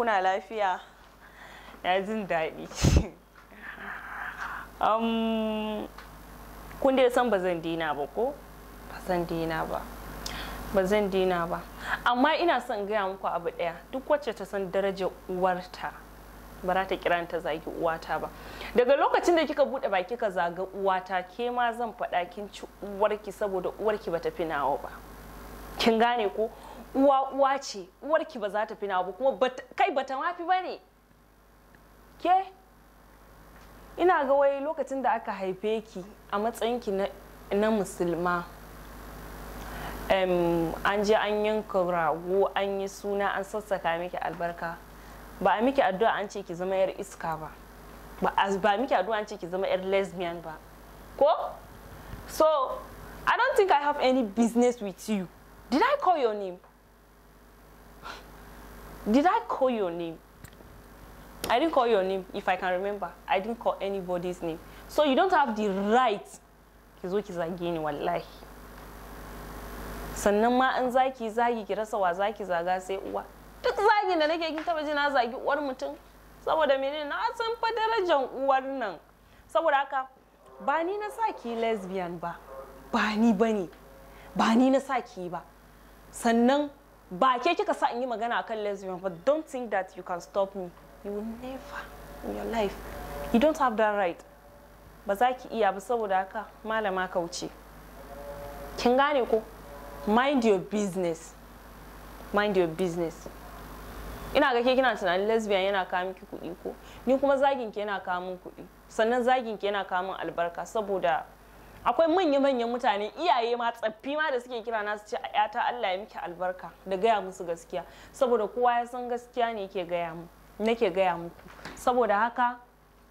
kuna lafiya na jin daɗi um, kun dai san bazan dina ba ko Bazan dina ba Bazan dina ba amma ina son gaya muku abu ɗaya duk wacce ta san darajar uwarta ba za ta kira ta zagi uwata ba daga lokacin da kika buɗe baki ka zaga uwata ke ma zan faɗa kin ci uwarki saboda uwarki ba ta fi nawa ba kin gane ko uwa uwa ce uwarki ba za ta fi nawa ba kuma kai bata ma fi bane ke ina ga wai lokacin da aka haife ki a matsayinki na musulma an je an yanka rago an yi suna an sassaka miki albarka ba a miki addu'a an ce ki zama yar iska ba ba miki addu'a an ce ki zama yar lesbian ba ko so i don't think i have any business with you Did I call your name? Did I call your name? I didn't call your name, if I can remember. I didn't call anybody's name. So you don't have the right. Kizo like zage wallahi. Sannan ma an zaki zagi ki rasa wa zaki zaga sai uwa. Duk zagin da nake kin taba ji na zagi uwar mutum. Saboda menene na san fa darajar uwar nan. Saboda haka ba ni na sa lesbian ba. Ba ni bane. Ba ni na sa ki ba. sannan ba ke kika sa in yi magana akan lesbian but don't think that you can stop me you will never in your life you don't have that right ba za ki iya ba saboda haka malama wuce kin gane ko mind your business mind your business ina ga ke kina tunanin lesbian yana kawo kuɗi ko ni kuma zagin ki yana kawo min kuɗi sannan zagin ki yana kawo min albarka saboda akwai manya-manyan mutane iyaye ma tsaffi ma da suke kira na su ce a yata Allah ya miki albarka da gaya musu gaskiya saboda kowa ya san gaskiya ne ke gaya mu nake gaya muku saboda haka